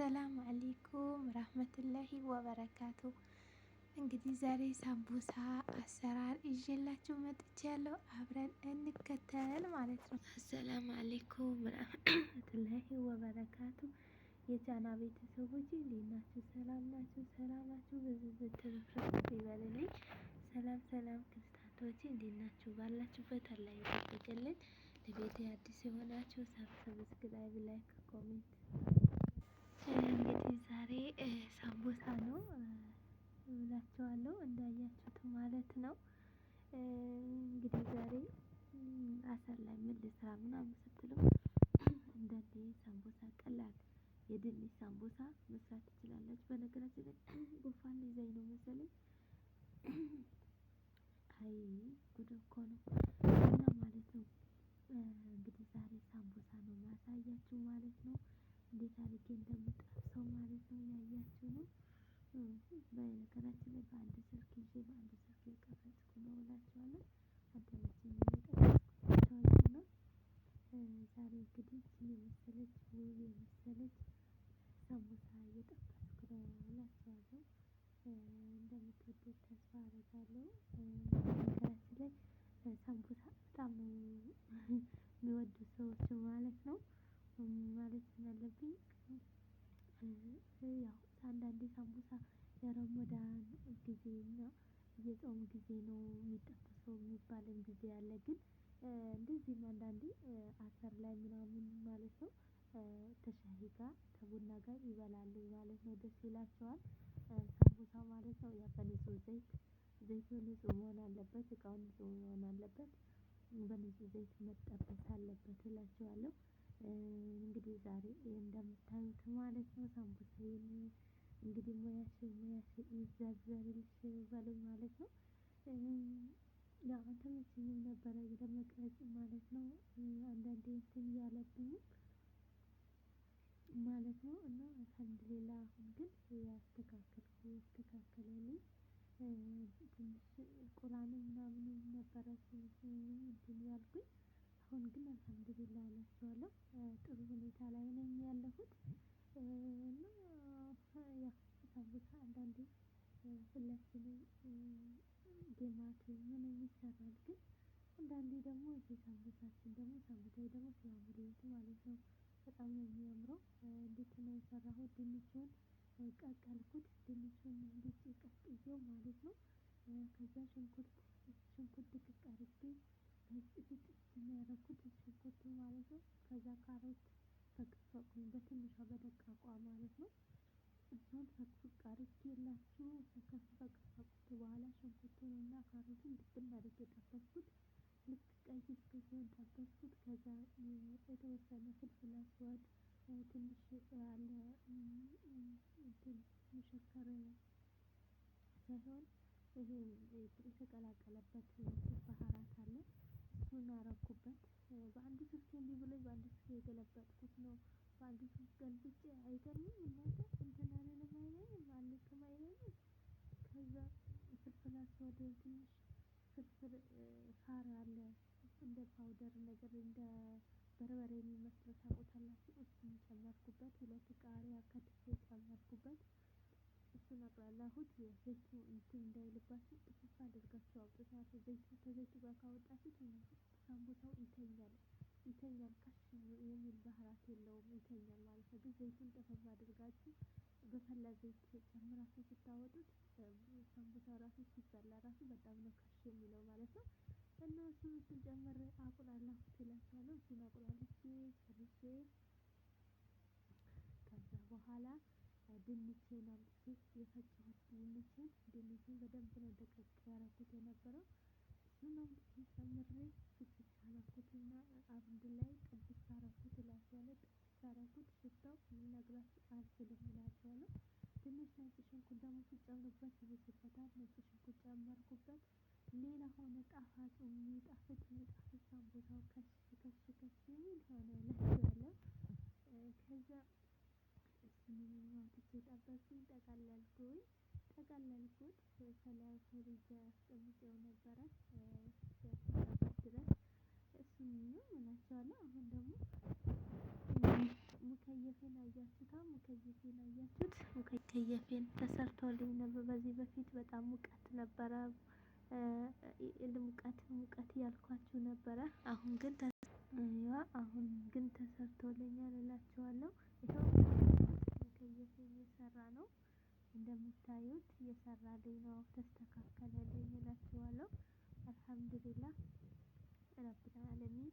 አሰላም አሌይኩም ራህመቱላሂ ወበረካቱ። እንግዲህ ዛሬ ሳምቡሳ አሰራር ይዤላችሁ መጥቻለሁ። አብረን እንከተል ማለት ነው። አሰላም አሌይኩም ራህመቱላሂ ወበረካቱ። የቻና ቤተሰቦች እንዴት ናችሁ? ሰላም ናችሁ? ሰላማችሁ ብዙ ብትረፍረፍ ይበልልኝ። ሰላም ሰላም ክርስቲያኖች እንዴት ናችሁ? ባላችሁበት አላህ ይጠብቅልን። ለቤቴ አዲስ የሆናችሁ ሰብስክራይብ፣ ላይክ፣ ኮሜንት እንግዲህ ዛሬ ሳምቡሳ ነው እላችኋለሁ፣ እንዳያችሁት ማለት ነው። እንግዲህ ዛሬ አሰር ላይ ምን ልስራ ምናምን ስትሉ እንደዚህ ሳምቡሳ ቀላል የድንች ሳምቡሳ መስራት ትችላለች። በነገራችን ላይ ጉንፋን ይዘኝ ነው መሰለኝ። አይ ጉድ እኮ ነው እና ማለት ነው። እንግዲህ ዛሬ ሳምቡሳ ነው ማሳያችሁ ማለት ነው። እንዴት አድርጌ እንደምጠብሰው ማለት ነው። ያያችሁ ነው። በነገራችን ላይ በአንድ ስልክ ይዤ በአንድ ስልክ የቀረጽኩ ነው እላችኋለሁ። አዳመችኝ የቀረጽኩት ነው። ዛሬ እንግዲህ የመሰለች ውብ የመሰለች ሳምቡሳ እየጠበስኩ ነው እላችኋለሁ። እንደምትወዱት ተስፋ አደርጋለሁ። በነገራችን ላይ ሳምቡሳ በጣም የሚወዱ ሰዎች ማለት ነው ማለት ስላለብኝ ያው አንዳንዴ ሳምቡሳ የረመዳን ጊዜ እና የጾም ጊዜ ነው የሚጠበሰው የሚባልም ጊዜ አለ። ግን እንደዚህም አንዳንዴ አተር ላይ ምናምን ማለት ነው ከሻሂ ጋር ከቡና ጋር ይበላሉ ማለት ነው። ደስ ይላቸዋል። ሳምቡሳ ማለት ነው ያው በንጹህ ዘይት ዘይቱ ንጹህ መሆን አለበት። እቃው ንጹህ መሆን አለበት። በንጹህ ዘይት መጠበስ አለበት እላቸዋለሁ። እንግዲህ ዛሬ እንደምታዩት ማለት ነው ሳምቡሳዬን እንግዲህ ሙያሽ ሙያሽ ይዛዛልሽ በሉኝ ማለት ነው። ያው ተመችኝም ነበረ ለመቅረጽ ማለት ነው። አንዳንዴ እንትን እያለብኝ ማለት ነው እና አልሐምዱሊላ አሁን ግን ያስተካከልኩ ያስተካከለልኝ ትንሽ ቁራንም ምናምን ነበረ እንትን ያልኩኝ አሁን ግን አልሐምዱሊላ እላቸዋለሁ ጥሩ ሁኔታ ላይ ነኝ ያለሁት እና ያው ሳምቡሳ አንዳንዴ ሁላችንም ጌማት ምን ይሰራል ግን አንዳንዴ ደግሞ ይሄ ሳምቡሳችን ደግሞ ሳምቡሳዊ ደግሞ ሲያምር ማለት ነው። በጣም ነው የሚያምረው። እንዴት ነው የሰራሁት? ድንቹን ቀቀልኩት። ድንቹን እንዴት ቀቅዬው ማለት ነው። ከዛ ሽንኩርት ሽንኩርት ድቅቅ አድርጌ ያደረኩት ሽንኩርቱን ማለት ነው። ከዛ ካሮት ፈቅፍቁኝ በትንሿ በደቃቋ ማለት ነው። እሷን ፈቅፍቅ አድርጌላችሁ ከፈቀፈቁት በኋላ ሽንኩርቱን እና ካሮቱን ድብን አድርጌ ጠበስኩት። ልክ ቀይ እስኪሆን ጠበስኩት። ከዛ የተወሰነ ፍልፍል አስዋድ ትንሽ ያለ የሸከረ ሳይሆን ይሄ የተቀላቀለበት ባህራት አለ ሆኖ አረኩበት በአንድ ስልክ እንዲህ ብሎኝ በአንድ ስልክ የገለበጥኩት ነው። በአንድ ስልክ ገልብጬ አይገርምም እናንተ እንትን አልልም አይለኝም አልልክም አይለኝም። ከዛ ፍርፍላስ ወደ ትንሽ ፍርፍር ሳር አለ እንደ ፓውደር ነገር እንደ በርበሬ የሚመስለው ታውቁታላችሁ። እሱን ጨመርኩበት። ሁለት ቃሪያ ከትፌ ጨመርኩበት። እሱን አቁላላሁት። ዘይቱ እንትን እንዳይልባችሁ ጥፍፍ አድርጋችሁ አውጥታችሁ ዘይቱ ከዘይቱ ጋር ካወጣችሁት ሳምቡሳው ይተኛል። ይተኛል ከሽ የሚል ባህራት የለውም ይተኛል ማለት ነው። ግን ዘይቱን ጠፈፍ አድርጋችሁ በፈላ ዘይት ጨምራችሁ ስታወጡት ሳምቡሳ ራሱ ሲበላ ራሱ በጣም ነው ከሽ የሚለው ማለት ነው። እና እሱን እሱን ጨምር አቁላላሁት እላችኋለሁ። እሱን አቁላልቼ ጨርሼ ከዛ በኋላ ድንቼን አድርጌ የፈጨሁት ድንቼን ድንቹን በደንብ ነው ደቀቅ ያረኩት የነበረው። እሱን አብልቼ ጨምሬ ፍጭት አረኩትና አብድ ላይ ቅድስት አረኩት እላቸዋለሁ። ቅድስት አረኩት ሽታው ልነግራችሁ አልችልም እላቸዋለሁ። ትንሽ ነጭ ሽንኩርት ደግሞ ሲጨምሩበት ይበዛበታል። ነጭ ሽንኩርት ጨመርኩበት። ሌላ ሆነ ጣፋጭ የሚጣፍጥ የሚጣፍጥ ሳምቡሳው ከሽ ከሽ ከሽ የሚል ሆነ እላቸዋለሁ ከዛ አውጥቼ ጠበስኩኝ። ጠቀለል አልኩኝ ጠቀለልኩት ከፍሪጅ አስቀምጬው ነበረ ድረስ ነው እላቸዋለሁ። አሁን ደግሞ ሙከየፌን አያችሁታ? ሙከየፌን አያችሁት? ሙከየፌን ተሰርቶልኝ ነበር። በዚህ በፊት በጣም ሙቀት ነበረ። ሙቀት ሙቀት ያልኳችሁ ነበረ። አሁን ግን አሁን ግን ተሰርቶልኛል እላቸዋለሁ። ይኸው ተስተካከለልኝ እላችኋለሁ። አልሀምዱሊላህ ረቢል አለሚን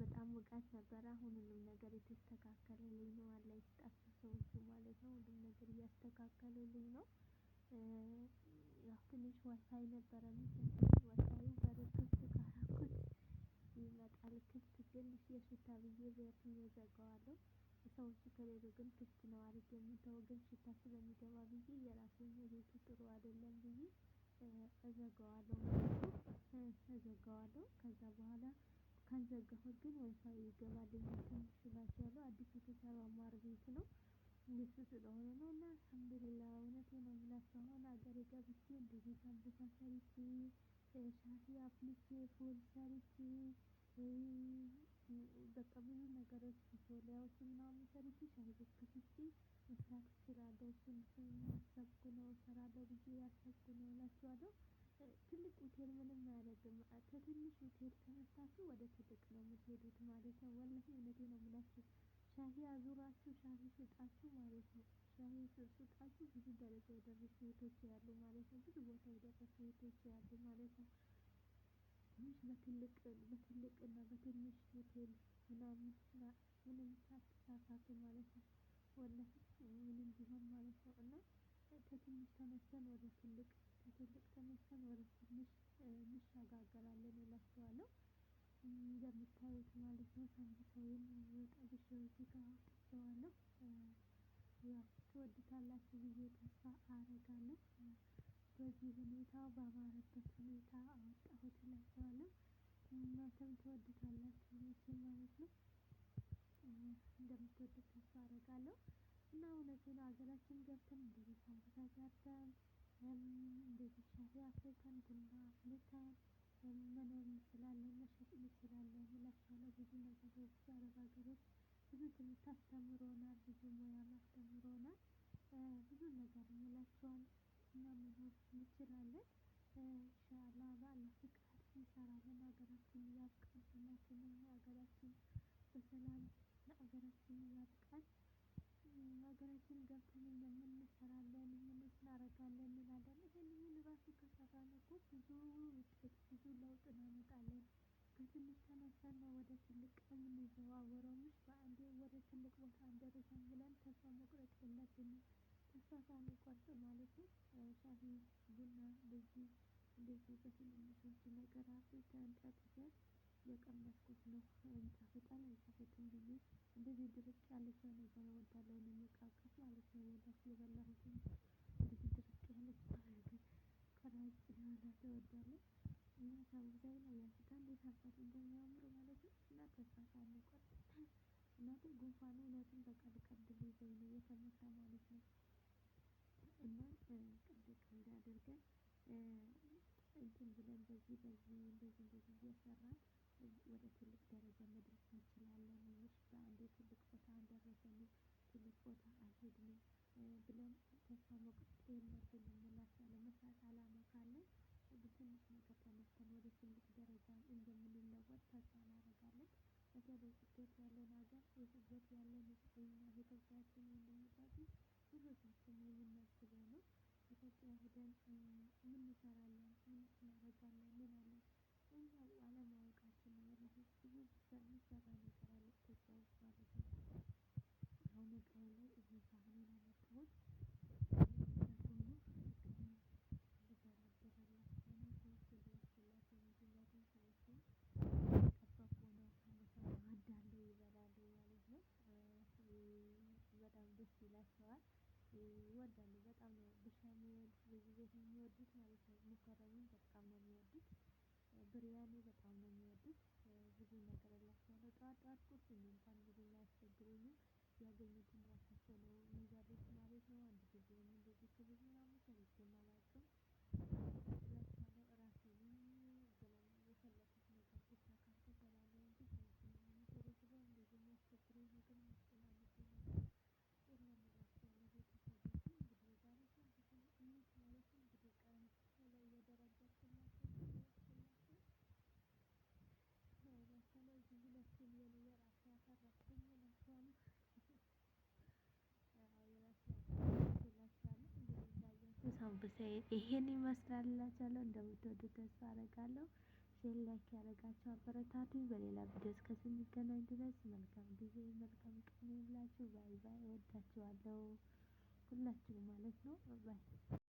በጣም ውቃት ነበረ። አሁን ሁሉም ነገር የተስተካከለልኝ ነው። አላህ ይስጣችሁ ሰዎቹ ማለት ነው። ሁሉም ነገር እያስተካከሉልኝ ነው። ያው ትንሽ ዋይፋይ ነበረ ዋይፋዩ በር ክፍት ካረኩት ይመጣል። ክፍት ግን የሽታ ብዬ በየትኛው እዘጋዋለሁ ሰዎች ከሌሉ ግን ግድ ነው አርጌ የምተው ግን ሽታ ስለሚገባ ብዬ የራሴን ቤቱ ጥሩ አይደለም ብዬ እዘጋዋለሁ እዘጋዋለሁ ከዛ በኋላ ካልዘጋሁት ግን ዋይፋይ ይገባልኛል ትንሽ እላቸዋለሁ አዲስ የተሰራ ማር ቤት ነው እንደሱ ስለሆነ ነው እና አልሐምዱሊላ እውነት ነው ምላቸው አሁን አገሬ ገብቼ እንደዚህ ሳምቡሳ ሰርቼ ሻሂ አፍልቼ ፉል ሰርቼ በቃ ብዙ ነገሮች ጆሊያዎች ምናምን ሰርቼ ሻይቤት ክፍቼ መስራት እችላለሁ። እሱን እሱን ያሰብኩ ነው እሰራለሁ ብዬ ያሰብኩ ነው እላችኋለሁ። ትልቅ ሆቴል ምንም አያደርግም። ከትንሽ ሆቴል ተነስታችሁ ወደ ትልቅ ነው የምትሄዱት ማለት ነው። ወላሂ እውነቴን ነው የምላችሁ። ሻሂ አዙራችሁ ሻሂ ሽጣችሁ ማለት ነው። ሻሂ ሽጣችሁ ብዙ ደረጃ የደረሱ ሴቶች ያሉ ማለት ነው። ብዙ ቦታ በትልቅ እና በትንሽ ሆቴል ምናምን ምንም ሳትሳሳቱ ማለት ነው። ወላሂ ምንም ቢሆን ማለት ነው እና ከትንሽ ተነስተን ወደ ትልቅ ከትልቅ ተነስተን ወደ ትንሽ እንሸጋገራለን እላችኋለሁ። እንደምታዩት ማለት ነው ሰንብተውም ጠብሼ እዚህ ጋር አውጥቼዋለሁ። ያው ትወዱታላችሁ ብዬ ተስፋ አረጋለሁ። በዚህ ሁኔታ ባማረበት ሁኔታ አወጣሁት እላቸዋለሁ። እናንተም ትወዱታላችሁ መቼም ማለት ነው። እንደምትወዱት ተስፋ አደርጋለሁ እና እውነቴን ሀገራችን ገብተን እንደዚህ ሳምቡሳ ሰርተን እንደዚህ ሻይ አፍልተን ቡና አፍልተን መኖር እንችላለን፣ መሸጥ እንችላለን እላቸዋለሁ። ብዙ ነገሮች አረብ ሀገሮች ብዙ ትምህርት አስተምሮናል፣ ብዙ ሙያ አስተምሮናል፣ ብዙ ነገር እንላቸዋለን። እና መኖር እንችላለን። ኢንሻአላ በአላህ ፍቃድ እንሰራለን። ሀገራችን ያብቃን። ሁላችንም ሀገራችን በሰላም ለሀገራችን ያብቃን። ሀገራችን ገብተን የምንሰራለን ምን እናደርጋለን እንላለን። ይህንን ራሱ ከሰራን እኮ ብዙ ውጤት ብዙ ለውጥ እናመጣለን። ከትንሽ ተነስተን ነው ወደ ትልቅ የምንዘዋወረው። በአንዴ ወደ ትልቅ ቦታ እንደርሳለን ብለን ተስፋ መቁረጥ የለብንም። እሳሳሚ ቆርጥ ማለት ሻሂ ቡና እንደዚህ እንደዚህ በትንንሾቹ ነገራቶች አንጠጥተን የቀመስኩት ነው። ይጣፍጣል አይጣፍጥም ብዬ እንደዚህ ድርቅ ያለ ሰው ነገር እወዳለሁ እኔ ማለት ነው። ወዳት የበላሁትን እንደዚህ ድርቅ ያለ ሰው ነገር ቀራጭ መብላት እወዳለሁ እና ሳምቡዛዬ ላይ ያንስታል የሳሳት እንደሚያምር ማለት ነው እና ተሳሳሚ ቆርጥ እናቴ ጉንፋን እውነትም በቃ ልቀብድ ይዘኝ ነው የተመታ ማለት ነው። እና ጥብቅ እንዳደርገን እንትን ብለን በዚህ በዚህ እንደዚህ እንደዚህ እየሰራን ወደ ትልቅ ደረጃ መድረስ እንችላለን። ይህ በአንዴ ትልቅ ቦታ አንደረሰንም፣ ትልቅ ቦታ አልሄድንም ብለን ተስፋ መቁረጥ የለብንም። እንላቸዋለን መስራት አላማ ካለን በትንሽ ነገር ተነስተን ወደ ትልቅ ደረጃ እንደምንለወጥ ተስፋ እናደርጋለን። በተለይ ስኬት ያለን ሀገር የስደት ያለን የኛ ቤተሰባችን ወንድሞቻችን ብዙዎቻችን የምን ኢትዮጵያ ሄደን ምን እንሰራለን፣ ምን እናደርጋለን፣ ምን አለን እኛ አለማወቃችን ነው። ብዙ የሚሰራ ነገር አለ ኢትዮጵያ ውስጥ ማለት ነው። የሚወዱት ብዙ የሚወዱት ማለት ነው። መኮረኒን በጣም ነው የሚወዱት። ብሪያኒ በጣም ነው የሚወዱት። ብዙ ነገር አላቸዋለሁ። ጠዋት ጠዋት ቁርስ እንኳን ብዙ አያስቸግሩኝም። ያገኙትን ራሳቸው ነው የሚበሉት ማለት ነው። አንድ ጊዜ እንደዚህ ክብዝ ምናምን ሰርቼ ብቻ ይሄን ይመስላላችኋለሁ። እንደምትወዱ ተስፋ አደርጋለሁ። ሼር ላይክ ያደረጋችሁ አበረታቱ። በሌላ ቪዲዮ እስከምንገናኝ ድረስ መልካም ጊዜ መልካም ቀን ይሁንላችሁ። ባይ ባይ። እወዳችኋለሁ ሁላችሁም ማለት ነው። ባይ